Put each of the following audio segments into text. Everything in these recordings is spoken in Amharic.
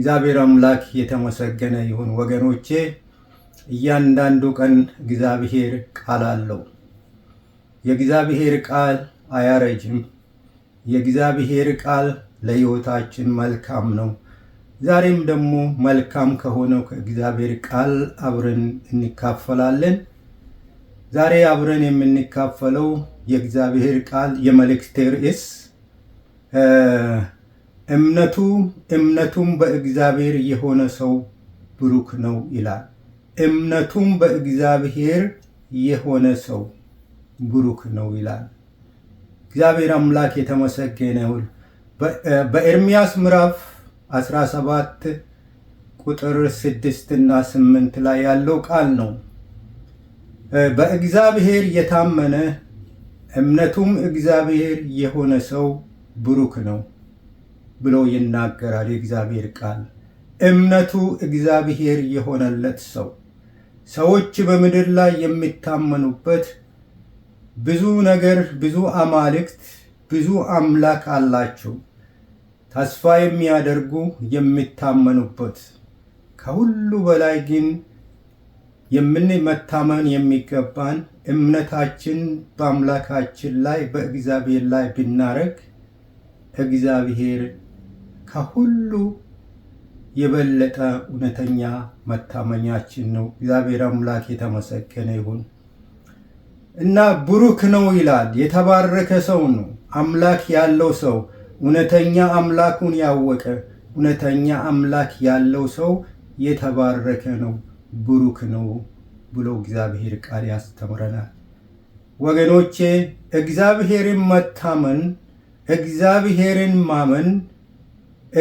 እግዚአብሔር አምላክ የተመሰገነ ይሁን። ወገኖቼ እያንዳንዱ ቀን እግዚአብሔር ቃል አለው። የእግዚአብሔር ቃል አያረጅም። የእግዚአብሔር ቃል ለሕይወታችን መልካም ነው። ዛሬም ደግሞ መልካም ከሆነው ከእግዚአብሔር ቃል አብረን እንካፈላለን። ዛሬ አብረን የምንካፈለው የእግዚአብሔር ቃል የመልእክት ርዕስ እምነቱ እምነቱም በእግዚአብሔር የሆነ ሰው ብሩክ ነው ይላል። እምነቱም በእግዚአብሔር የሆነ ሰው ብሩክ ነው ይላል። እግዚአብሔር አምላክ የተመሰገነ ይሁን። በኤርሚያስ ምዕራፍ 17 ቁጥር 6 እና 8 ላይ ያለው ቃል ነው። በእግዚአብሔር የታመነ እምነቱም እግዚአብሔር የሆነ ሰው ብሩክ ነው። ብሎ ይናገራል የእግዚአብሔር ቃል። እምነቱ እግዚአብሔር የሆነለት ሰው ሰዎች በምድር ላይ የሚታመኑበት ብዙ ነገር ብዙ አማልክት ብዙ አምላክ አላቸው፣ ተስፋ የሚያደርጉ የሚታመኑበት። ከሁሉ በላይ ግን የምንመታመን የሚገባን እምነታችን በአምላካችን ላይ በእግዚአብሔር ላይ ብናረግ እግዚአብሔር ከሁሉ የበለጠ እውነተኛ መታመኛችን ነው። እግዚአብሔር አምላክ የተመሰገነ ይሁን እና ብሩክ ነው ይላል። የተባረከ ሰው ነው አምላክ ያለው ሰው እውነተኛ አምላኩን ያወቀ እውነተኛ አምላክ ያለው ሰው የተባረከ ነው ብሩክ ነው ብሎ እግዚአብሔር ቃል ያስተምረናል። ወገኖቼ እግዚአብሔርን መታመን፣ እግዚአብሔርን ማመን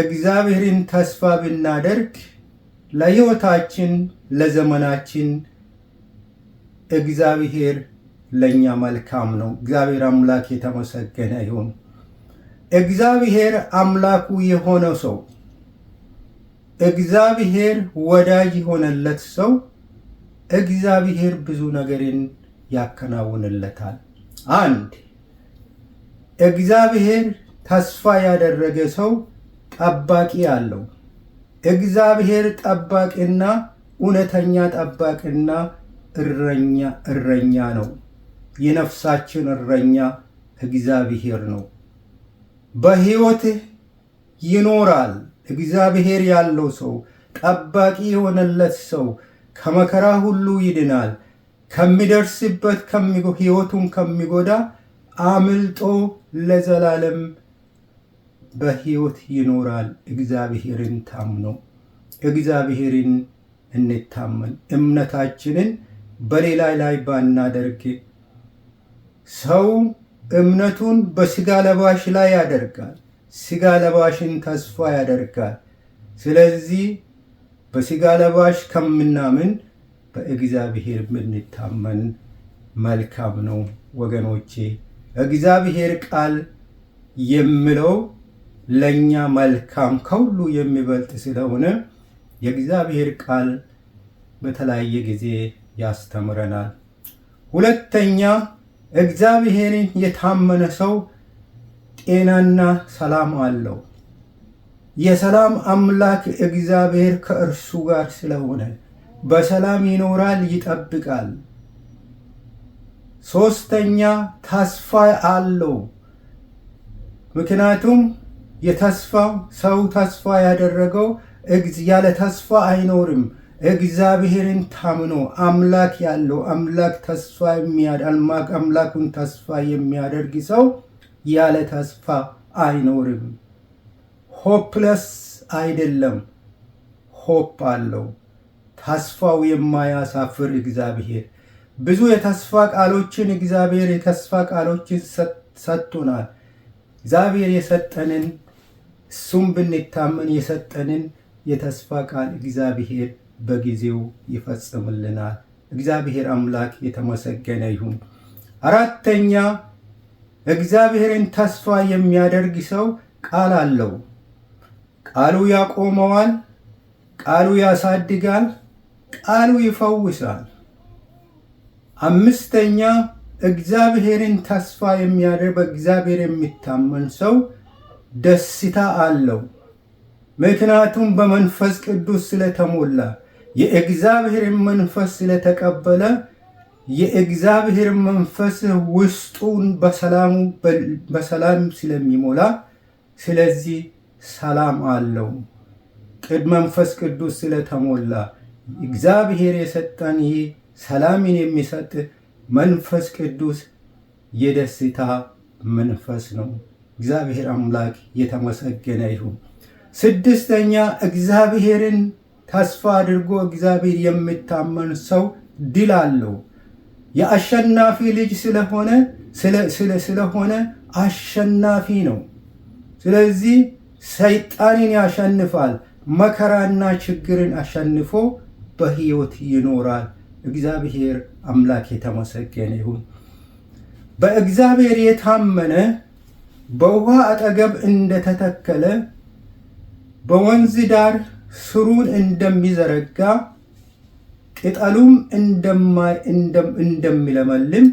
እግዚአብሔርን ተስፋ ብናደርግ ለሕይወታችን ለዘመናችን እግዚአብሔር ለእኛ መልካም ነው። እግዚአብሔር አምላክ የተመሰገነ ይሁን። እግዚአብሔር አምላኩ የሆነ ሰው እግዚአብሔር ወዳጅ የሆነለት ሰው እግዚአብሔር ብዙ ነገርን ያከናውንለታል። አንድ እግዚአብሔር ተስፋ ያደረገ ሰው ጠባቂ አለው። እግዚአብሔር ጠባቂና እውነተኛ ጠባቂና እረኛ እረኛ ነው። የነፍሳችን እረኛ እግዚአብሔር ነው። በሕይወትህ ይኖራል። እግዚአብሔር ያለው ሰው ጠባቂ የሆነለት ሰው ከመከራ ሁሉ ይድናል። ከሚደርስበት ሕይወቱን ከሚጎዳ አምልጦ ለዘላለም በሕይወት ይኖራል። እግዚአብሔርን ታምኖ እግዚአብሔርን እንታመን። እምነታችንን በሌላ ላይ ባናደርግ ሰው እምነቱን በስጋ ለባሽ ላይ ያደርጋል። ስጋ ለባሽን ተስፋ ያደርጋል። ስለዚህ በስጋ ለባሽ ከምናምን በእግዚአብሔር ብንታመን መልካም ነው ወገኖቼ። እግዚአብሔር ቃል የምለው ለእኛ መልካም ከሁሉ የሚበልጥ ስለሆነ የእግዚአብሔር ቃል በተለያየ ጊዜ ያስተምረናል። ሁለተኛ እግዚአብሔርን የታመነ ሰው ጤናና ሰላም አለው። የሰላም አምላክ እግዚአብሔር ከእርሱ ጋር ስለሆነ በሰላም ይኖራል፣ ይጠብቃል። ሶስተኛ ተስፋ አለው። ምክንያቱም የተስፋው ሰው ተስፋ ያደረገው ያለ ተስፋ አይኖርም። እግዚአብሔርን ታምኖ አምላክ ያለው አምላክ ተስፋ አምላኩን ተስፋ የሚያደርግ ሰው ያለ ተስፋ አይኖርም። ሆፕለስ አይደለም፣ ሆፕ አለው። ተስፋው የማያሳፍር እግዚአብሔር ብዙ የተስፋ ቃሎችን እግዚአብሔር የተስፋ ቃሎችን ሰጥቶናል። እግዚአብሔር የሰጠንን እሱም ብንታመን የሰጠንን የተስፋ ቃል እግዚአብሔር በጊዜው ይፈጽምልናል። እግዚአብሔር አምላክ የተመሰገነ ይሁን። አራተኛ እግዚአብሔርን ተስፋ የሚያደርግ ሰው ቃል አለው። ቃሉ ያቆመዋል፣ ቃሉ ያሳድጋል፣ ቃሉ ይፈውሳል። አምስተኛ እግዚአብሔርን ተስፋ የሚያደርግ በእግዚአብሔር የሚታመን ሰው ደስታ አለው። ምክንያቱም በመንፈስ ቅዱስ ስለተሞላ የእግዚአብሔርን መንፈስ ስለተቀበለ የእግዚአብሔር መንፈስ ውስጡን በሰላሙ በሰላም ስለሚሞላ ስለዚህ ሰላም አለው። ቅድ መንፈስ ቅዱስ ስለተሞላ እግዚአብሔር የሰጠን ይህ ሰላምን የሚሰጥ መንፈስ ቅዱስ የደስታ መንፈስ ነው። እግዚአብሔር አምላክ የተመሰገነ ይሁን። ስድስተኛ እግዚአብሔርን ተስፋ አድርጎ እግዚአብሔር የሚታመን ሰው ድል አለው። የአሸናፊ ልጅ ስለሆነ ስለሆነ አሸናፊ ነው። ስለዚህ ሰይጣንን ያሸንፋል። መከራና ችግርን አሸንፎ በህይወት ይኖራል። እግዚአብሔር አምላክ የተመሰገነ ይሁን። በእግዚአብሔር የታመነ በውሃ አጠገብ እንደተተከለ በወንዝ ዳር ስሩን እንደሚዘረጋ ቅጠሉም እንደሚለመልም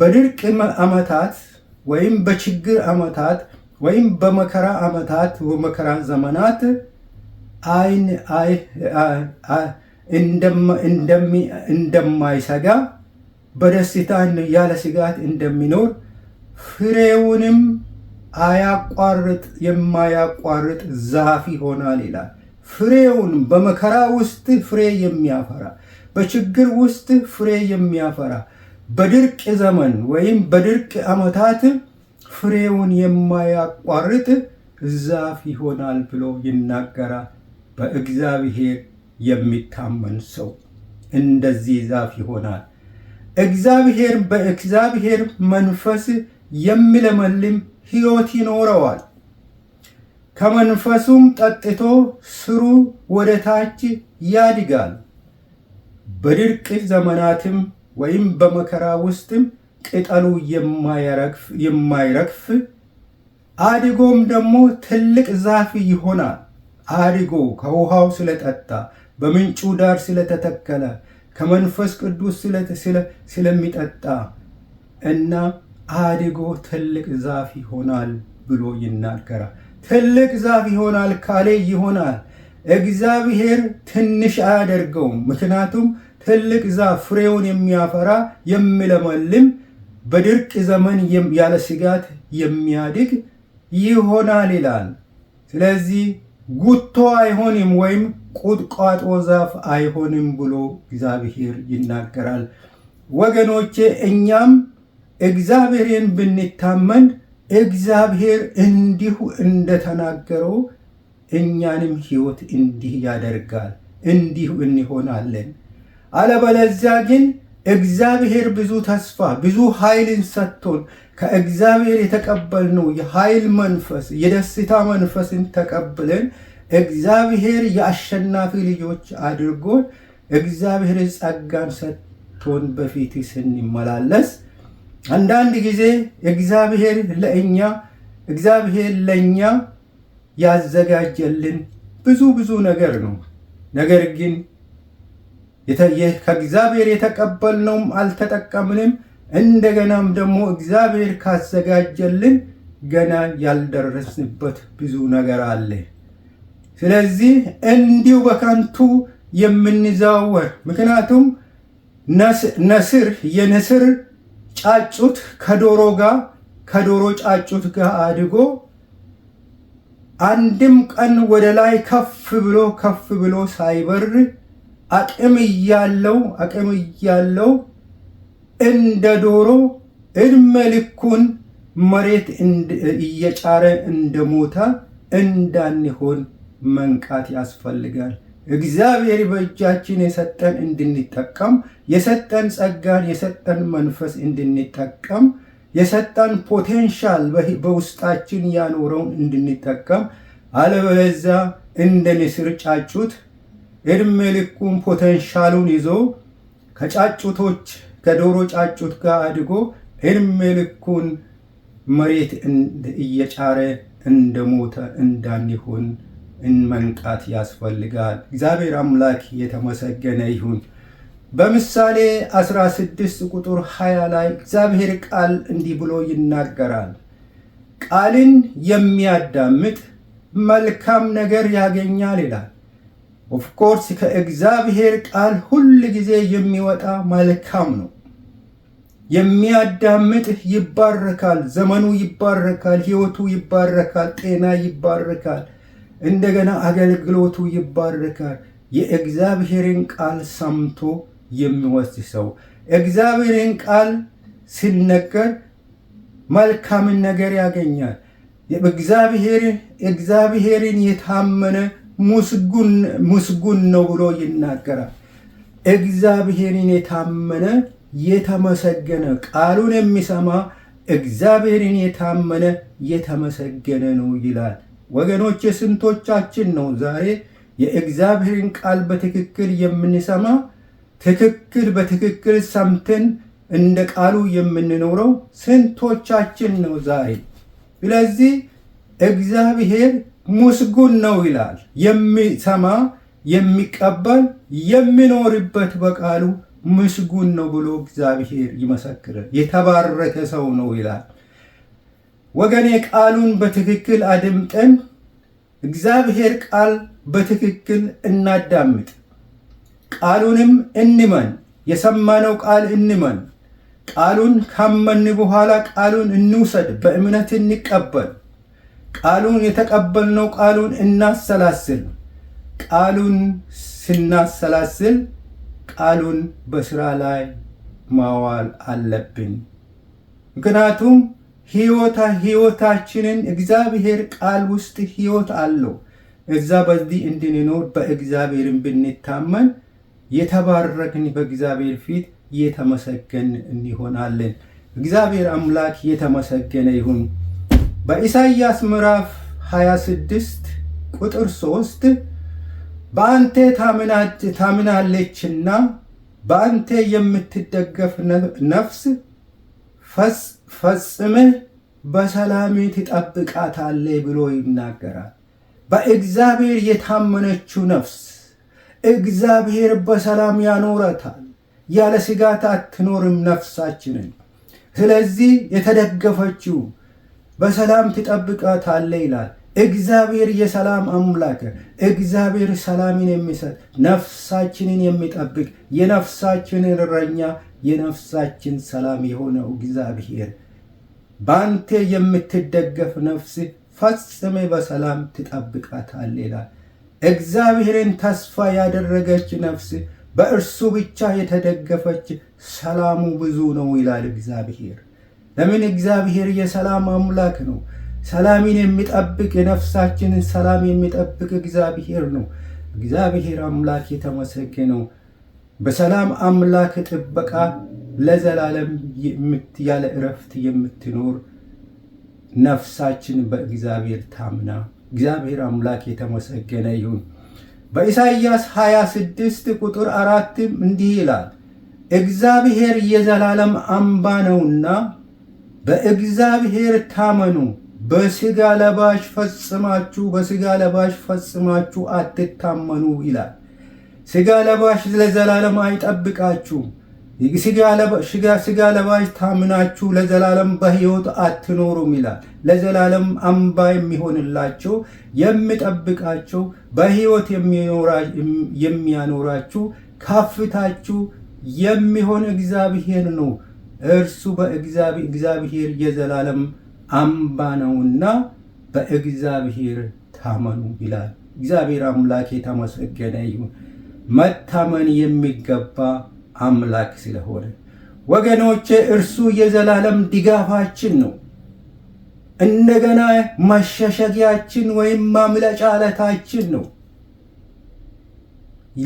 በድርቅ ዓመታት ወይም በችግር ዓመታት ወይም በመከራ ዓመታት መከራ ዘመናት አይን እንደማይሰጋ በደስታ ያለ ስጋት እንደሚኖር ፍሬውንም አያቋርጥ የማያቋርጥ ዛፍ ይሆናል ይላል። ፍሬውን በመከራ ውስጥ ፍሬ የሚያፈራ በችግር ውስጥ ፍሬ የሚያፈራ በድርቅ ዘመን ወይም በድርቅ ዓመታት ፍሬውን የማያቋርጥ ዛፍ ይሆናል ብሎ ይናገራል። በእግዚአብሔር የሚታመን ሰው እንደዚህ ዛፍ ይሆናል። እግዚአብሔር በእግዚአብሔር መንፈስ የሚለመልም ሕይወት ይኖረዋል። ከመንፈሱም ጠጥቶ ስሩ ወደ ታች ያድጋል። በድርቅ ዘመናትም ወይም በመከራ ውስጥም ቅጠሉ የማይረግፍ አድጎም ደግሞ ትልቅ ዛፍ ይሆናል። አድጎ ከውሃው ስለጠጣ በምንጩ ዳር ስለተተከለ ከመንፈስ ቅዱስ ስለሚጠጣ እና አድጎ ትልቅ ዛፍ ይሆናል ብሎ ይናገራል። ትልቅ ዛፍ ይሆናል ካሌ ይሆናል። እግዚአብሔር ትንሽ አያደርገውም። ምክንያቱም ትልቅ ዛፍ ፍሬውን የሚያፈራ የሚለመልም፣ በድርቅ ዘመን ያለ ስጋት የሚያድግ ይሆናል ይላል። ስለዚህ ጉቶ አይሆንም ወይም ቁጥቋጦ ዛፍ አይሆንም ብሎ እግዚአብሔር ይናገራል። ወገኖቼ እኛም እግዚአብሔርን ብንታመን እግዚአብሔር እንዲሁ እንደተናገረው እኛንም ሕይወት እንዲህ ያደርጋል፣ እንዲሁ እንሆናለን። አለበለዚያ ግን እግዚአብሔር ብዙ ተስፋ ብዙ ኃይልን ሰጥቶን ከእግዚአብሔር የተቀበልነው የኃይል መንፈስ የደስታ መንፈስን ተቀብለን እግዚአብሔር የአሸናፊ ልጆች አድርጎን እግዚአብሔር ጸጋን ሰጥቶን በፊት ስንመላለስ አንዳንድ ጊዜ እግዚአብሔር ለእኛ እግዚአብሔር ለእኛ ያዘጋጀልን ብዙ ብዙ ነገር ነው። ነገር ግን ከእግዚአብሔር የተቀበልነውም አልተጠቀምንም። እንደገናም ደግሞ እግዚአብሔር ካዘጋጀልን ገና ያልደረስንበት ብዙ ነገር አለ። ስለዚህ እንዲሁ በከንቱ የምንዘዋወር ምክንያቱም ነስር የንስር ጫጩት ከዶሮ ጋር ከዶሮ ጫጩት ጋር አድጎ አንድም ቀን ወደ ላይ ከፍ ብሎ ከፍ ብሎ ሳይበር አቅም እያለው አቅም እያለው እንደ ዶሮ እድሜ ልኩን መሬት እየጫረ እንደሞተ እንዳንሆን መንቃት ያስፈልጋል። እግዚአብሔር በእጃችን የሰጠን እንድንጠቀም የሰጠን ጸጋን የሰጠን መንፈስ እንድንጠቀም የሰጠን ፖቴንሻል በውስጣችን ያኖረውን እንድንጠቀም፣ አለበለዚያ እንደ ንስር ጫጩት እድሜ ልኩን ፖቴንሻሉን ይዞ ከጫጩቶች ከዶሮ ጫጩት ጋር አድጎ እድሜ ልኩን መሬት እየጫረ እንደሞተ እንዳንሆን መንቃት ያስፈልጋል። እግዚአብሔር አምላክ የተመሰገነ ይሁን። በምሳሌ 16 ቁጥር 20 ላይ እግዚአብሔር ቃል እንዲህ ብሎ ይናገራል። ቃልን የሚያዳምጥ መልካም ነገር ያገኛል ይላል። ኦፍኮርስ ከእግዚአብሔር ቃል ሁል ጊዜ የሚወጣ መልካም ነው። የሚያዳምጥ ይባረካል፣ ዘመኑ ይባረካል፣ ሕይወቱ ይባረካል፣ ጤና ይባረካል። እንደገና አገልግሎቱ ይባረካል። የእግዚአብሔርን ቃል ሰምቶ የሚወስድ ሰው እግዚአብሔርን ቃል ሲነገር መልካምን ነገር ያገኛል። እግዚአብሔርን የታመነ ምስጉን ነው ብሎ ይናገራል። እግዚአብሔርን የታመነ የተመሰገነ ቃሉን የሚሰማ እግዚአብሔርን የታመነ የተመሰገነ ነው ይላል። ወገኖች የስንቶቻችን ነው ዛሬ የእግዚአብሔርን ቃል በትክክል የምንሰማ ትክክል በትክክል ሰምተን እንደ ቃሉ የምንኖረው ስንቶቻችን ነው ዛሬ? ስለዚህ እግዚአብሔር ምስጉን ነው ይላል። የሚሰማ የሚቀበል የሚኖርበት በቃሉ ምስጉን ነው ብሎ እግዚአብሔር ይመሰክራል። የተባረከ ሰው ነው ይላል። ወገኔ ቃሉን በትክክል አድምጠን እግዚአብሔር ቃል በትክክል እናዳምጥ፣ ቃሉንም እንመን። የሰማነው ቃል እንመን። ቃሉን ካመን በኋላ ቃሉን እንውሰድ፣ በእምነት እንቀበል። ቃሉን የተቀበልነው ቃሉን እናሰላስል። ቃሉን ስናሰላስል ቃሉን በስራ ላይ ማዋል አለብን። ምክንያቱም ህይወታችንን እግዚአብሔር ቃል ውስጥ ህይወት አለው። እዛ በዚህ እንድንኖር በእግዚአብሔርን ብንታመን የተባረክን በእግዚአብሔር ፊት የተመሰገን እንሆናለን። እግዚአብሔር አምላክ የተመሰገነ ይሁን። በኢሳይያስ ምዕራፍ 26 ቁጥር 3 በአንተ ታምናለችና በአንተ የምትደገፍ ነፍስ ፈጽምህ በሰላም ትጠብቃታለህ ብሎ ይናገራል። በእግዚአብሔር የታመነችው ነፍስ እግዚአብሔር በሰላም ያኖረታል። ያለ ስጋት አትኖርም ነፍሳችንን። ስለዚህ የተደገፈችው በሰላም ትጠብቃታለህ ይላል። እግዚአብሔር የሰላም አምላክ፣ እግዚአብሔር ሰላምን የሚሰጥ ነፍሳችንን የሚጠብቅ የነፍሳችንን እረኛ የነፍሳችን ሰላም የሆነው እግዚአብሔር በአንተ የምትደገፍ ነፍስ ፈጽሜ በሰላም ትጠብቃታል ይላል። እግዚአብሔርን ተስፋ ያደረገች ነፍስ በእርሱ ብቻ የተደገፈች ሰላሙ ብዙ ነው ይላል እግዚአብሔር። ለምን እግዚአብሔር የሰላም አምላክ ነው። ሰላምን የሚጠብቅ የነፍሳችንን ሰላም የሚጠብቅ እግዚአብሔር ነው። እግዚአብሔር አምላክ የተመሰገነው በሰላም አምላክ ጥበቃ ለዘላለም ያለ እረፍት የምትኖር ነፍሳችን በእግዚአብሔር ታምና፣ እግዚአብሔር አምላክ የተመሰገነ ይሁን። በኢሳይያስ 26 ቁጥር አራትም እንዲህ ይላል እግዚአብሔር የዘላለም አምባ ነውና በእግዚአብሔር ታመኑ፣ በስጋ ለባሽ ፈጽማችሁ በስጋ ለባሽ ፈጽማችሁ አትታመኑ ይላል። ስጋ ለባሽ ለዘላለም አይጠብቃችሁ። ስጋ ለባሽ ታምናችሁ ለዘላለም በህይወት አትኖሩም ይላል። ለዘላለም አምባ የሚሆንላቸው የሚጠብቃቸው በህይወት የሚያኖራችሁ ከፍታችሁ የሚሆን እግዚአብሔር ነው። እርሱ በእግዚአብሔር የዘላለም አምባ ነውና በእግዚአብሔር ታመኑ ይላል። እግዚአብሔር አምላክ የተመሰገነ ይሁን። መታመን የሚገባ አምላክ ስለሆነ ወገኖቼ እርሱ የዘላለም ድጋፋችን ነው። እንደገና መሸሸጊያችን ወይም ማምለጫ አለታችን ነው።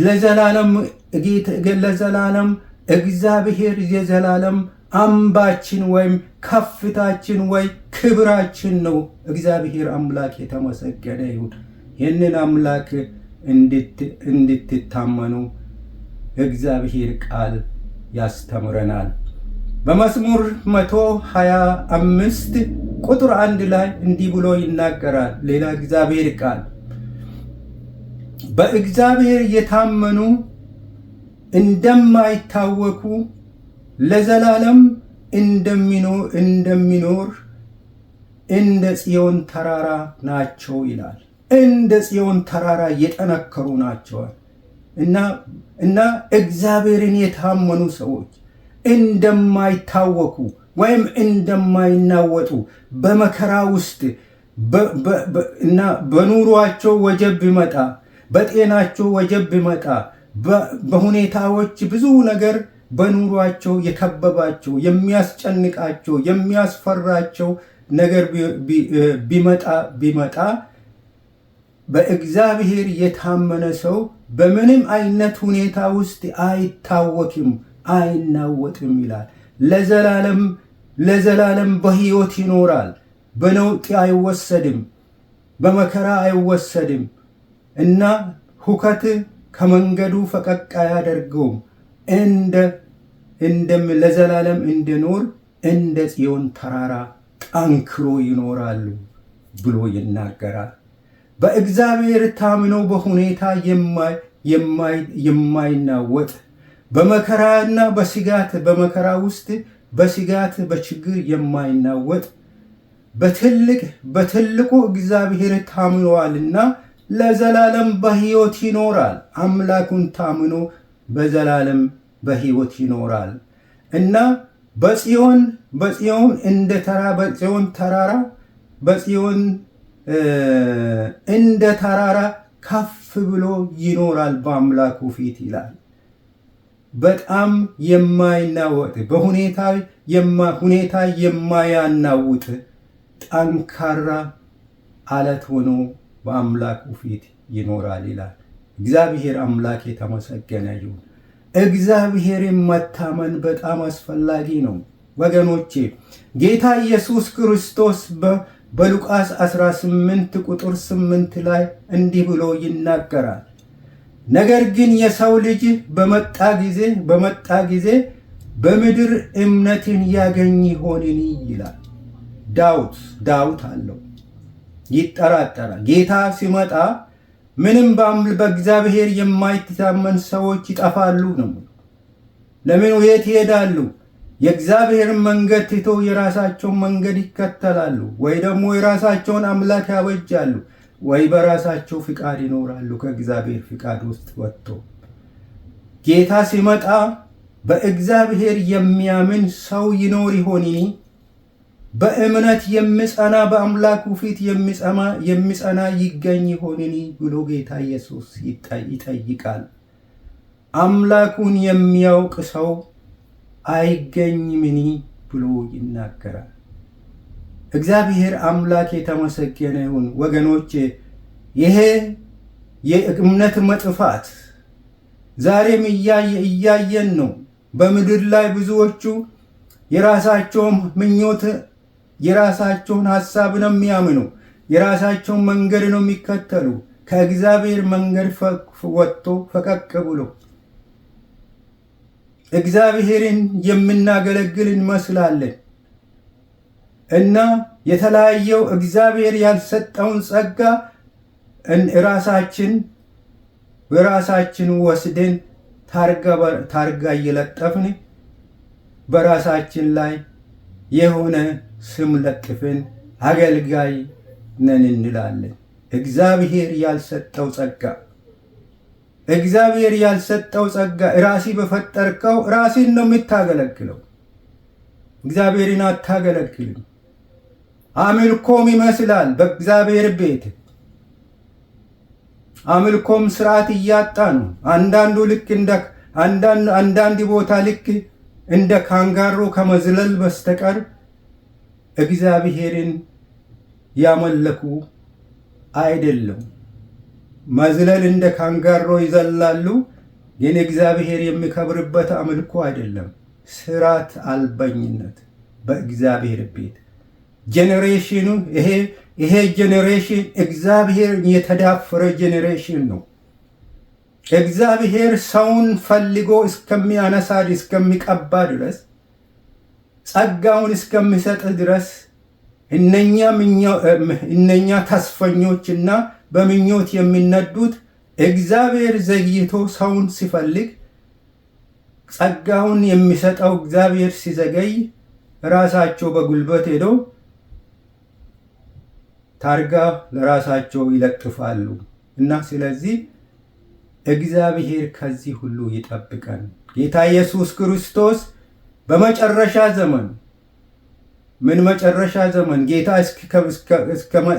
ለዘላለም ለዘላለም እግዚአብሔር የዘላለም አምባችን ወይም ከፍታችን ወይ ክብራችን ነው። እግዚአብሔር አምላክ የተመሰገነ ይሁን። ይህንን አምላክ እንድትታመኑ እግዚአብሔር ቃል ያስተምረናል። በመዝሙር 125 ቁጥር አንድ ላይ እንዲህ ብሎ ይናገራል። ሌላ እግዚአብሔር ቃል በእግዚአብሔር የታመኑ እንደማይታወኩ ለዘላለም እንደሚኖር እንደ ጽዮን ተራራ ናቸው ይላል። እንደ ጽዮን ተራራ የጠነከሩ ናቸዋል እና እና እግዚአብሔርን የታመኑ ሰዎች እንደማይታወኩ ወይም እንደማይናወጡ በመከራ ውስጥ እና በኑሯቸው ወጀብ ቢመጣ በጤናቸው ወጀብ ቢመጣ በሁኔታዎች ብዙ ነገር በኑሯቸው የከበባቸው የሚያስጨንቃቸው የሚያስፈራቸው ነገር ቢመጣ ቢመጣ በእግዚአብሔር የታመነ ሰው በምንም አይነት ሁኔታ ውስጥ አይታወክም፣ አይናወጥም ይላል። ለዘላለም ለዘላለም በሕይወት ይኖራል። በነውጥ አይወሰድም፣ በመከራ አይወሰድም እና ሁከት ከመንገዱ ፈቀቅ አያደርገውም። እንደ እንደም ለዘላለም እንደኖር እንደ ጽዮን ተራራ ጠንክሮ ይኖራሉ ብሎ ይናገራል። በእግዚአብሔር ታምኖ በሁኔታ የማይናወጥ በመከራና በስጋት በመከራ ውስጥ በስጋት በችግር የማይናወጥ በትልቅ በትልቁ እግዚአብሔር ታምኗልና ለዘላለም በሕይወት ይኖራል። አምላኩን ታምኖ በዘላለም በሕይወት ይኖራል እና በጽዮን በጽዮን እንደ ተራ በጽዮን ተራራ በጽዮን እንደ ተራራ ከፍ ብሎ ይኖራል በአምላኩ ፊት ይላል። በጣም የማይናወጥ በሁኔታ ሁኔታ የማያናውጥ ጠንካራ አለት ሆኖ በአምላኩ ፊት ይኖራል ይላል። እግዚአብሔር አምላክ የተመሰገነ ይሁን። እግዚአብሔርን መታመን በጣም አስፈላጊ ነው ወገኖቼ ጌታ ኢየሱስ ክርስቶስ በሉቃስ 18 ቁጥር 8 ላይ እንዲህ ብሎ ይናገራል። ነገር ግን የሰው ልጅ በመጣ ጊዜ በመጣ ጊዜ በምድር እምነትን ያገኝ ይሆንን ይላል። ዳውት ዳውት አለው ይጠራጠራል። ጌታ ሲመጣ ምንም በአምል በእግዚአብሔር የማይታመን ሰዎች ይጠፋሉ ነው። ለምን የት ይሄዳሉ? የእግዚአብሔርን መንገድ ትተው የራሳቸውን መንገድ ይከተላሉ፣ ወይ ደግሞ የራሳቸውን አምላክ ያበጃሉ፣ ወይ በራሳቸው ፍቃድ ይኖራሉ። ከእግዚአብሔር ፍቃድ ውስጥ ወጥቶ ጌታ ሲመጣ በእግዚአብሔር የሚያምን ሰው ይኖር ይሆን? በእምነት የሚጸና በአምላኩ ፊት የሚጸና ይገኝ ይሆንን ብሎ ጌታ ኢየሱስ ይጠይቃል። አምላኩን የሚያውቅ ሰው አይገኝምኒ ብሎ ይናገራል። እግዚአብሔር አምላክ የተመሰገነ ይሁን። ወገኖች ይሄ የእምነት መጥፋት ዛሬም እያየን ነው። በምድር ላይ ብዙዎቹ የራሳቸውን ምኞት የራሳቸውን ሀሳብ ነው የሚያምኑ፣ የራሳቸውን መንገድ ነው የሚከተሉ። ከእግዚአብሔር መንገድ ወጥቶ ፈቀቅ ብሎ እግዚአብሔርን የምናገለግል እንመስላለን እና የተለያየው እግዚአብሔር ያልሰጠውን ጸጋ ራሳችን በራሳችን ወስደን ታርጋ እየለጠፍን በራሳችን ላይ የሆነ ስም ለጥፍን አገልጋይ ነን እንላለን። እግዚአብሔር ያልሰጠው ጸጋ እግዚአብሔር ያልሰጠው ጸጋ ራሲ በፈጠርከው ራሲን ነው የምታገለግለው። እግዚአብሔርን አታገለግልም። አምልኮም ይመስላል በእግዚአብሔር ቤት አምልኮም ስርዓት እያጣ ነው። አንዳንዱ ልክ እንደ አንዳንድ ቦታ ልክ እንደ ካንጋሮ ከመዝለል በስተቀር እግዚአብሔርን ያመለኩ አይደለም። መዝለል እንደ ካንጋሮ ይዘላሉ። ግን እግዚአብሔር የሚከብርበት አምልኮ አይደለም፣ ስርዓት አልበኝነት በእግዚአብሔር ቤት ጄኔሬሽኑ ይሄ ጄኔሬሽን እግዚአብሔርን የተዳፈረ ጄኔሬሽን ነው። እግዚአብሔር ሰውን ፈልጎ እስከሚያነሳ እስከሚቀባ ድረስ ጸጋውን እስከሚሰጥ ድረስ እነኛ ተስፈኞችና በምኞት የሚነዱት እግዚአብሔር ዘግይቶ ሰውን ሲፈልግ ጸጋውን የሚሰጠው እግዚአብሔር ሲዘገይ ራሳቸው በጉልበት ሄደው ታርጋ ለራሳቸው ይለጥፋሉ እና ስለዚህ እግዚአብሔር ከዚህ ሁሉ ይጠብቀን። ጌታ ኢየሱስ ክርስቶስ በመጨረሻ ዘመን ምን መጨረሻ ዘመን ጌታ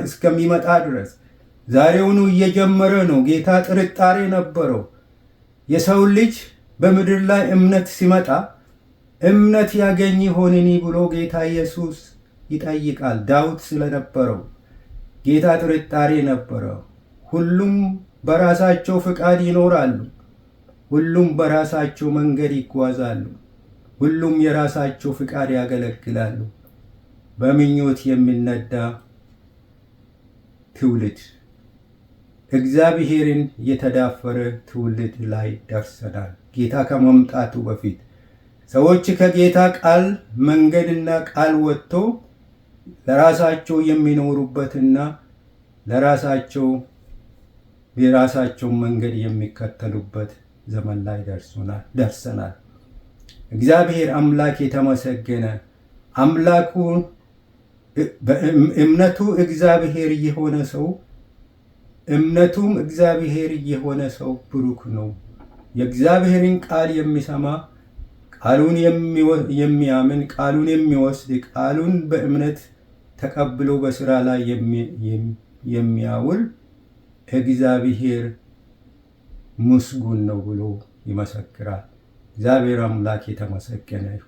እስከሚመጣ ድረስ ዛሬውኑ እየጀመረ ነው። ጌታ ጥርጣሬ ነበረው። የሰው ልጅ በምድር ላይ እምነት ሲመጣ እምነት ያገኝ ይሆንኒ ብሎ ጌታ ኢየሱስ ይጠይቃል። ዳውት ስለነበረው ጌታ ጥርጣሬ ነበረው። ሁሉም በራሳቸው ፍቃድ ይኖራሉ። ሁሉም በራሳቸው መንገድ ይጓዛሉ። ሁሉም የራሳቸው ፍቃድ ያገለግላሉ። በምኞት የሚነዳ ትውልድ እግዚአብሔርን የተዳፈረ ትውልድ ላይ ደርሰናል። ጌታ ከመምጣቱ በፊት ሰዎች ከጌታ ቃል መንገድና ቃል ወጥቶ ለራሳቸው የሚኖሩበትና ለራሳቸው የራሳቸው መንገድ የሚከተሉበት ዘመን ላይ ደርሰናል። እግዚአብሔር አምላክ የተመሰገነ አምላኩ በእምነቱ እግዚአብሔር የሆነ ሰው እምነቱም እግዚአብሔር የሆነ ሰው ብሩክ ነው። የእግዚአብሔርን ቃል የሚሰማ ቃሉን የሚያምን ቃሉን የሚወስድ ቃሉን በእምነት ተቀብሎ በስራ ላይ የሚያውል እግዚአብሔር ምስጉን ነው ብሎ ይመሰክራል። እግዚአብሔር አምላክ የተመሰገነ